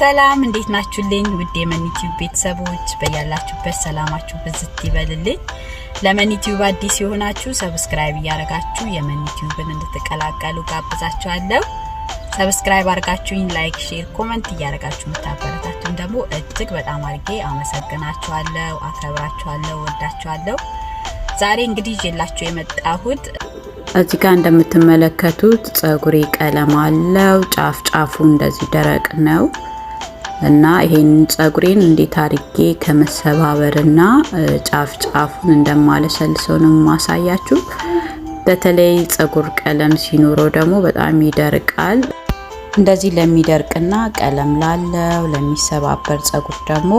ሰላም እንዴት ናችሁልኝ? ውድ የመኒቲዩብ ቤተሰቦች በያላችሁበት ሰላማችሁ ብዝት ይበልልኝ። ለመኒቲዩብ አዲስ የሆናችሁ ሰብስክራይብ እያደረጋችሁ የመኒቲዩብን እንድትቀላቀሉ ጋብዛችኋለሁ። ሰብስክራይብ አድርጋችሁኝ ላይክ፣ ሼር፣ ኮመንት እያደረጋችሁ የምታበረታቱን ደግሞ እጅግ በጣም አድርጌ አመሰግናችኋለሁ፣ አከብራችኋለሁ፣ ወዳችኋለሁ። ዛሬ እንግዲህ ይዤላችሁ የመጣሁት እዚህ ጋር እንደምትመለከቱት ጸጉሬ ቀለም አለው። ጫፍ ጫፉ እንደዚህ ደረቅ ነው። እና ይሄን ጸጉሬን እንዴት አድርጌ ከመሰባበርና ጫፍ ጫፉን እንደማለሰልሰው ነው ማሳያችሁ። በተለይ ጸጉር ቀለም ሲኖረው ደግሞ በጣም ይደርቃል። እንደዚህ ለሚደርቅና ቀለም ላለው ለሚሰባበር ጸጉር ደግሞ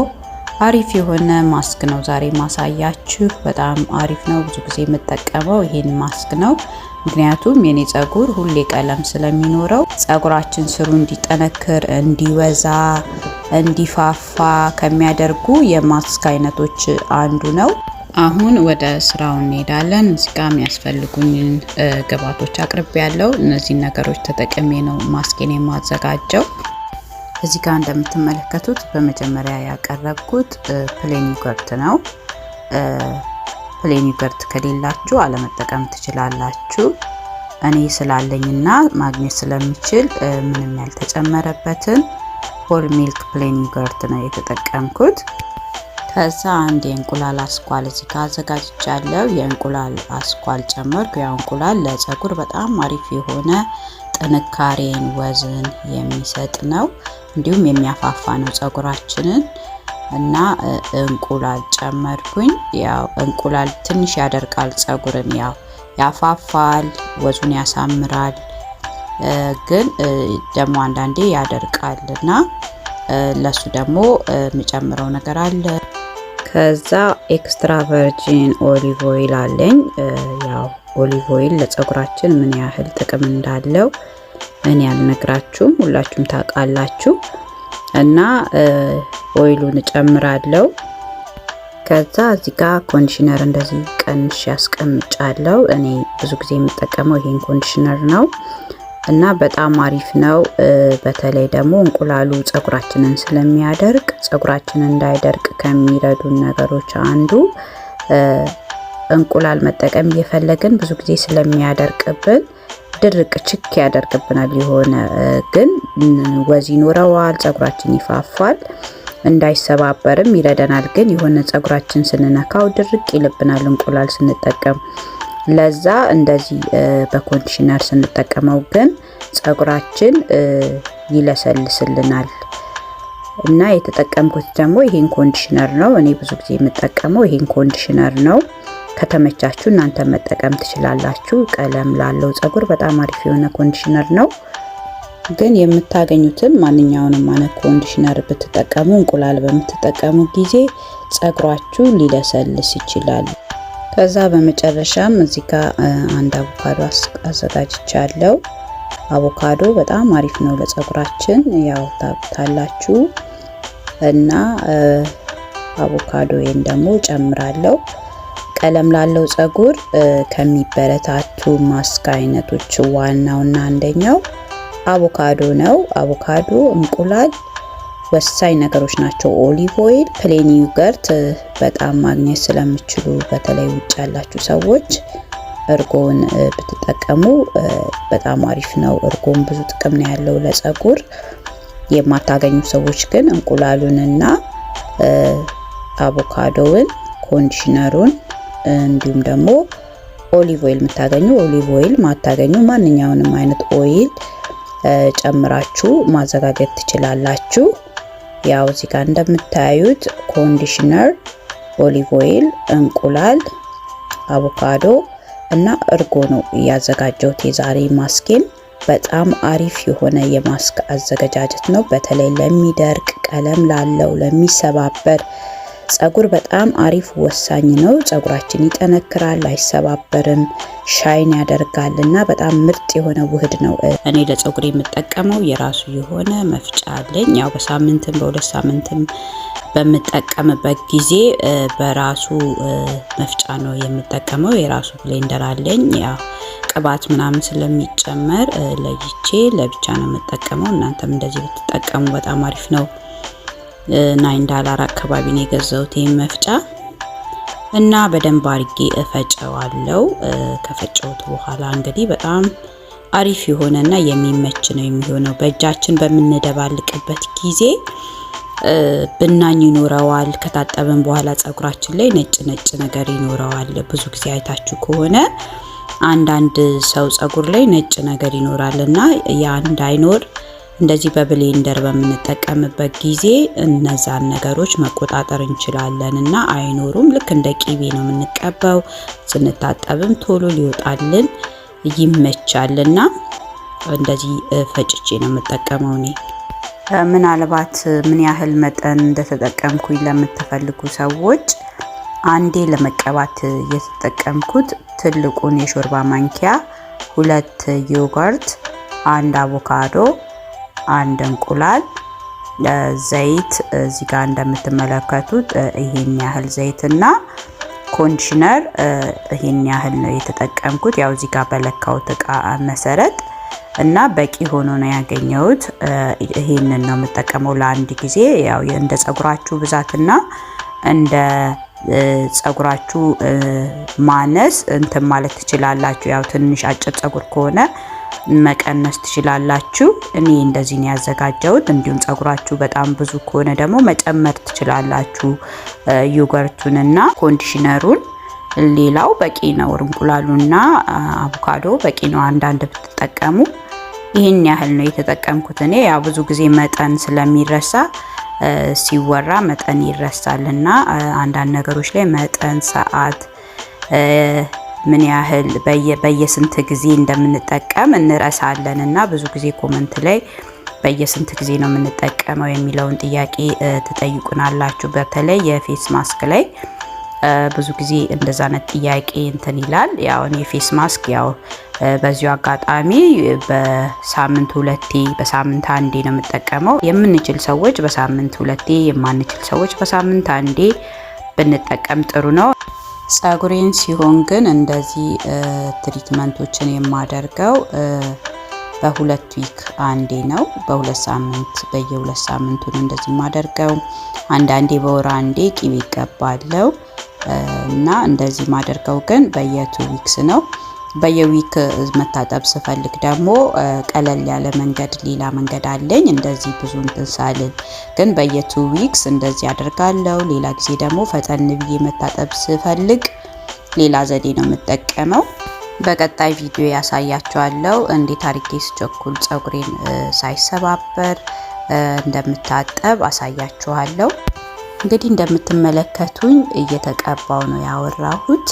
አሪፍ የሆነ ማስክ ነው ዛሬ ማሳያችሁ። በጣም አሪፍ ነው። ብዙ ጊዜ የምጠቀመው ይሄን ማስክ ነው። ምክንያቱም የኔ ጸጉር ሁሌ ቀለም ስለሚኖረው ጸጉራችን ስሩ እንዲጠነክር እንዲበዛ እንዲፋፋ ከሚያደርጉ የማስክ አይነቶች አንዱ ነው። አሁን ወደ ስራው እንሄዳለን። እዚህ ጋር የሚያስፈልጉኝን ግብአቶች አቅርቤ ያለው እነዚህን ነገሮች ተጠቅሜ ነው ማስኬን የማዘጋጀው። እዚህ ጋር እንደምትመለከቱት በመጀመሪያ ያቀረብኩት ፕሌን ዩገርት ነው። ፕሌን ዩገርት ከሌላችሁ አለመጠቀም ትችላላችሁ። እኔ ስላለኝና ማግኘት ስለምችል ምንም ያልተጨመረበትን ሆል ሚልክ ፕሌን ዮገርት ነው የተጠቀምኩት። ከዛ አንድ የእንቁላል አስኳል እዚህ ጋር አዘጋጅቻለሁ። የእንቁላል አስኳል ጨመርኩ። ያው እንቁላል ለፀጉር በጣም አሪፍ የሆነ ጥንካሬን፣ ወዝን የሚሰጥ ነው። እንዲሁም የሚያፋፋ ነው ፀጉራችንን እና እንቁላል ጨመርኩኝ። ያው እንቁላል ትንሽ ያደርቃል ፀጉርን፣ ያው ያፋፋል፣ ወዙን ያሳምራል ግን ደግሞ አንዳንዴ ያደርቃል እና ለሱ ደግሞ የሚጨምረው ነገር አለ። ከዛ ኤክስትራ ቨርጂን ኦሊቭ ኦይል አለኝ። ያው ኦሊቭ ኦይል ለፀጉራችን ምን ያህል ጥቅም እንዳለው እኔ አልነግራችሁም፣ ሁላችሁም ታውቃላችሁ። እና ኦይሉን እጨምራለሁ። ከዛ እዚህ ጋር ኮንዲሽነር እንደዚህ ቀንሽ ያስቀምጫለሁ። እኔ ብዙ ጊዜ የምጠቀመው ይሄን ኮንዲሽነር ነው። እና በጣም አሪፍ ነው። በተለይ ደግሞ እንቁላሉ ጸጉራችንን ስለሚያደርቅ ጸጉራችን እንዳይደርቅ ከሚረዱን ነገሮች አንዱ እንቁላል መጠቀም እየፈለግን ብዙ ጊዜ ስለሚያደርቅብን ድርቅ ችክ ያደርግብናል። የሆነ ግን ወዝ ይኖረዋል፣ ጸጉራችን ይፋፋል፣ እንዳይሰባበርም ይረደናል። ግን የሆነ ጸጉራችን ስንነካው ድርቅ ይልብናል እንቁላል ስንጠቀም ለዛ እንደዚህ በኮንዲሽነር ስንጠቀመው ግን ጸጉራችን ይለሰልስልናል እና የተጠቀምኩት ደግሞ ይሄን ኮንዲሽነር ነው። እኔ ብዙ ጊዜ የምጠቀመው ይሄን ኮንዲሽነር ነው። ከተመቻችሁ እናንተ መጠቀም ትችላላችሁ። ቀለም ላለው ጸጉር በጣም አሪፍ የሆነ ኮንዲሽነር ነው። ግን የምታገኙትን ማንኛውንም አይነት ኮንዲሽነር ብትጠቀሙ፣ እንቁላል በምትጠቀሙ ጊዜ ጸጉራችሁ ሊለሰልስ ይችላል። ከዛ በመጨረሻም እዚህ ጋር አንድ አቮካዶ አዘጋጅቻለሁ። አቮካዶ በጣም አሪፍ ነው ለፀጉራችን፣ ያው ታውቁታላችሁ እና አቮካዶዬን ደግሞ ጨምራለሁ። ቀለም ላለው ፀጉር ከሚበረታቱ ማስክ አይነቶች ዋናውና አንደኛው አቮካዶ ነው። አቮካዶ፣ እንቁላል ወሳኝ ነገሮች ናቸው። ኦሊቭ ኦይል፣ ፕሌን ዩገርት በጣም ማግኘት ስለምችሉ በተለይ ውጭ ያላችሁ ሰዎች እርጎን ብትጠቀሙ በጣም አሪፍ ነው። እርጎን ብዙ ጥቅም ነው ያለው ለጸጉር። የማታገኙ ሰዎች ግን እንቁላሉንና አቮካዶውን፣ ኮንዲሽነሩን እንዲሁም ደግሞ ኦሊቭ ኦይል የምታገኙ ኦሊቭ ኦይል ማታገኙ ማንኛውንም አይነት ኦይል ጨምራችሁ ማዘጋጀት ትችላላችሁ። ያው እዚህ ጋር እንደምታዩት ኮንዲሽነር፣ ኦሊቭ ኦይል፣ እንቁላል፣ አቮካዶ እና እርጎ ነው እያዘጋጀሁት የዛሬ ማስኬን። በጣም አሪፍ የሆነ የማስክ አዘገጃጀት ነው። በተለይ ለሚደርቅ ቀለም ላለው ለሚሰባበር ፀጉር በጣም አሪፍ ወሳኝ ነው። ጸጉራችን ይጠነክራል፣ አይሰባበርም፣ ሻይን ያደርጋል እና በጣም ምርጥ የሆነ ውህድ ነው። እኔ ለፀጉር የምጠቀመው የራሱ የሆነ መፍጫ አለኝ። ያው በሳምንትም በሁለት ሳምንትም በምጠቀምበት ጊዜ በራሱ መፍጫ ነው የምጠቀመው። የራሱ ብሌንደር አለኝ። ያው ቅባት ምናምን ስለሚጨመር ለይቼ ለብቻ ነው የምጠቀመው። እናንተም እንደዚህ ብትጠቀሙ በጣም አሪፍ ነው። ናይን ዳላር አካባቢ ነው የገዛሁት ይህን መፍጫ እና በደንብ አድርጌ እፈጨዋለው። ከፈጨሁት በኋላ እንግዲህ በጣም አሪፍ የሆነና የሚመች ነው የሚሆነው። በእጃችን በምንደባልቅበት ጊዜ ብናኝ ይኖረዋል። ከታጠብን በኋላ ጸጉራችን ላይ ነጭ ነጭ ነገር ይኖረዋል። ብዙ ጊዜ አይታችሁ ከሆነ አንዳንድ ሰው ጸጉር ላይ ነጭ ነገር ይኖራል እና ያ እንዳይኖር እንደዚህ በብሌንደር በምንጠቀምበት ጊዜ እነዛን ነገሮች መቆጣጠር እንችላለን እና አይኖሩም። ልክ እንደ ቂቤ ነው የምንቀባው። ስንታጠብም ቶሎ ሊወጣልን ይመቻልና እንደዚህ ፈጭቼ ነው የምጠቀመው እኔ። ምናልባት ምን ያህል መጠን እንደተጠቀምኩኝ ለምትፈልጉ ሰዎች አንዴ ለመቀባት የተጠቀምኩት ትልቁን የሾርባ ማንኪያ፣ ሁለት ዮጋርት፣ አንድ አቮካዶ አንድ እንቁላል ዘይት እዚህ ጋር እንደምትመለከቱት ይሄን ያህል ዘይትና ኮንዲሽነር ይሄን ያህል ነው የተጠቀምኩት። ያው እዚህ ጋር በለካሁት እቃ መሰረት እና በቂ ሆኖ ነው ያገኘሁት። ይሄንን ነው የምጠቀመው ለአንድ ጊዜ። ያው እንደ ጸጉራችሁ ብዛትና እንደ ጸጉራችሁ ማነስ እንትን ማለት ትችላላችሁ። ያው ትንሽ አጭር ጸጉር ከሆነ መቀነስ ትችላላችሁ። እኔ እንደዚህ ነው ያዘጋጀሁት። እንዲሁም ጸጉራችሁ በጣም ብዙ ከሆነ ደግሞ መጨመር ትችላላችሁ፣ እና ኮንዲሽነሩን። ሌላው በቂ ነው፣ እንቁላሉና አቮካዶ በቂ ነው አንዳንድ ብትጠቀሙ። ይህን ያህል ነው የተጠቀምኩት እኔ። ያ ብዙ ጊዜ መጠን ስለሚረሳ ሲወራ መጠን ይረሳልና አንዳንድ ነገሮች ላይ መጠን፣ ሰዓት ምን ያህል በየስንት ጊዜ እንደምንጠቀም እንረሳለን እና ብዙ ጊዜ ኮመንት ላይ በየስንት ጊዜ ነው የምንጠቀመው የሚለውን ጥያቄ ትጠይቁናላችሁ። በተለይ የፌስ ማስክ ላይ ብዙ ጊዜ እንደዛ አይነት ጥያቄ እንትን ይላል። ያው የፌስ ማስክ ያው በዚሁ አጋጣሚ በሳምንት ሁለቴ በሳምንት አንዴ ነው የምጠቀመው። የምንችል ሰዎች በሳምንት ሁለቴ፣ የማንችል ሰዎች በሳምንት አንዴ ብንጠቀም ጥሩ ነው። ጸጉሬን ሲሆን ግን እንደዚህ ትሪትመንቶችን የማደርገው በሁለት ዊክ አንዴ ነው። በሁለት ሳምንት በየሁለት ሳምንቱ ነው እንደዚህ የማደርገው። አንዳንዴ በወር አንዴ ቂቤ ይቀባለው እና እንደዚህ ማደርገው ግን በየቱ ዊክስ ነው። በየዊክ መታጠብ ስፈልግ ደግሞ ቀለል ያለ መንገድ ሌላ መንገድ አለኝ። እንደዚህ ብዙ እንትን ሳልል ግን በየቱ ዊክስ እንደዚህ አድርጋለሁ። ሌላ ጊዜ ደግሞ ፈጠን ብዬ መታጠብ ስፈልግ ሌላ ዘዴ ነው የምጠቀመው። በቀጣይ ቪዲዮ ያሳያችኋለሁ እንዴት አድርጌ ስቸኩል ፀጉሬን ሳይሰባበር እንደምታጠብ አሳያችኋለሁ። እንግዲህ እንደምትመለከቱኝ እየተቀባው ነው ያወራሁት።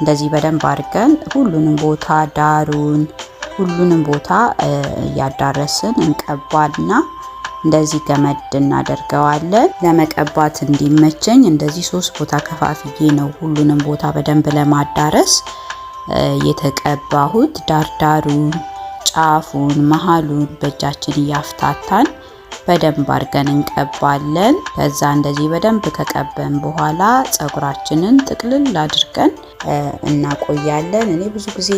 እንደዚህ በደንብ አድርገን ሁሉንም ቦታ ዳሩን ሁሉንም ቦታ እያዳረስን እንቀባና እንደዚህ ገመድ እናደርገዋለን። ለመቀባት እንዲመቸኝ እንደዚህ ሶስት ቦታ ከፋፍዬ ነው ሁሉንም ቦታ በደንብ ለማዳረስ የተቀባሁት። ዳርዳሩን፣ ጫፉን፣ መሀሉን በእጃችን እያፍታታን በደንብ አድርገን እንቀባለን። ከዛ እንደዚህ በደንብ ከቀበን በኋላ ፀጉራችንን ጥቅልል አድርገን እናቆያለን። እኔ ብዙ ጊዜ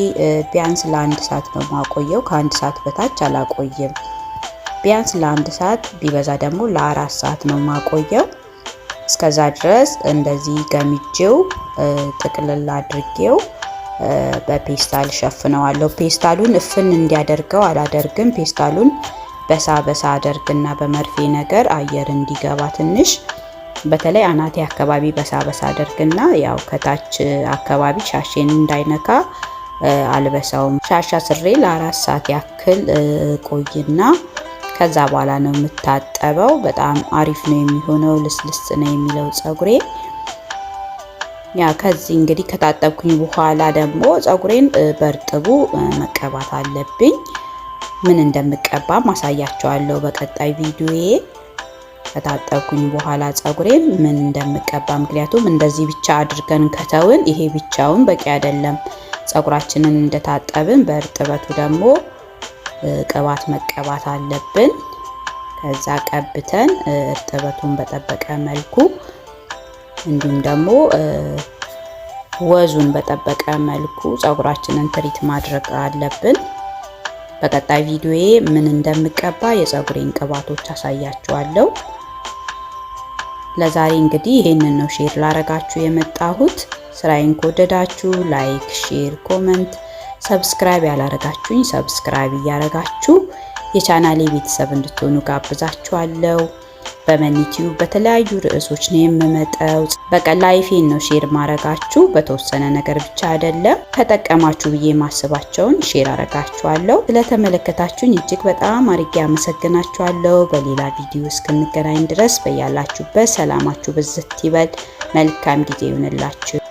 ቢያንስ ለአንድ ሰዓት ነው ማቆየው። ከአንድ ሰዓት በታች አላቆይም። ቢያንስ ለአንድ ሰዓት ቢበዛ ደግሞ ለአራት ሰዓት ነው ማቆየው። እስከዛ ድረስ እንደዚህ ገምጄው ጥቅልል አድርጌው በፔስታል ሸፍነዋለሁ። ፔስታሉን እፍን እንዲያደርገው አላደርግም። ፔስታሉን በሳ በሳ አደርግና በመርፌ ነገር አየር እንዲገባ ትንሽ በተለይ አናቴ አካባቢ በሳ በሳ አደርግና ያው ከታች አካባቢ ሻሽን እንዳይነካ አልበሳውም። ሻሻ ስሬ ለአራት ሰዓት ያክል ቆይና ከዛ በኋላ ነው የምታጠበው። በጣም አሪፍ ነው የሚሆነው። ልስልስ ነው የሚለው ጸጉሬ። ያ ከዚህ እንግዲህ ከታጠብኩኝ በኋላ ደግሞ ጸጉሬን በርጥቡ መቀባት አለብኝ። ምን እንደምቀባ ማሳያቸዋለሁ በቀጣይ ቪዲዮዬ። ከታጠብኩኝ በኋላ ፀጉሬን ምን እንደምቀባ ምክንያቱም እንደዚህ ብቻ አድርገን ከተውን ይሄ ብቻውን በቂ አይደለም። ፀጉራችንን እንደታጠብን በእርጥበቱ ደግሞ ቅባት መቀባት አለብን። ከዛ ቀብተን እርጥበቱን በጠበቀ መልኩ እንዲሁም ደግሞ ወዙን በጠበቀ መልኩ ፀጉራችንን ትሪት ማድረግ አለብን። በቀጣይ ቪዲዮዬ ምን እንደምቀባ የፀጉሬን ቅባቶች አሳያችኋለሁ። ለዛሬ እንግዲህ ይህንን ነው ሼር ላረጋችሁ የመጣሁት። ስራዬን ከወደዳችሁ ላይክ፣ ሼር፣ ኮመንት፣ ሰብስክራይብ ያላረጋችሁኝ ሰብስክራይብ እያረጋችሁ የቻናሌ ቤተሰብ እንድትሆኑ ጋብዛችኋለሁ። በመኒቲዩ በተለያዩ ርዕሶች ነው የምመጣው። በቃ ላይፌን ነው ሼር ማረጋችሁ። በተወሰነ ነገር ብቻ አይደለም፣ ከጠቀማችሁ ብዬ ማስባቸውን ሼር አረጋችኋለሁ። ስለተመለከታችሁኝ እጅግ በጣም አርጌ አመሰግናችኋለሁ። በሌላ ቪዲዮ እስክንገናኝ ድረስ በያላችሁበት ሰላማችሁ ብዝት ይበል። መልካም ጊዜ ይሁንላችሁ።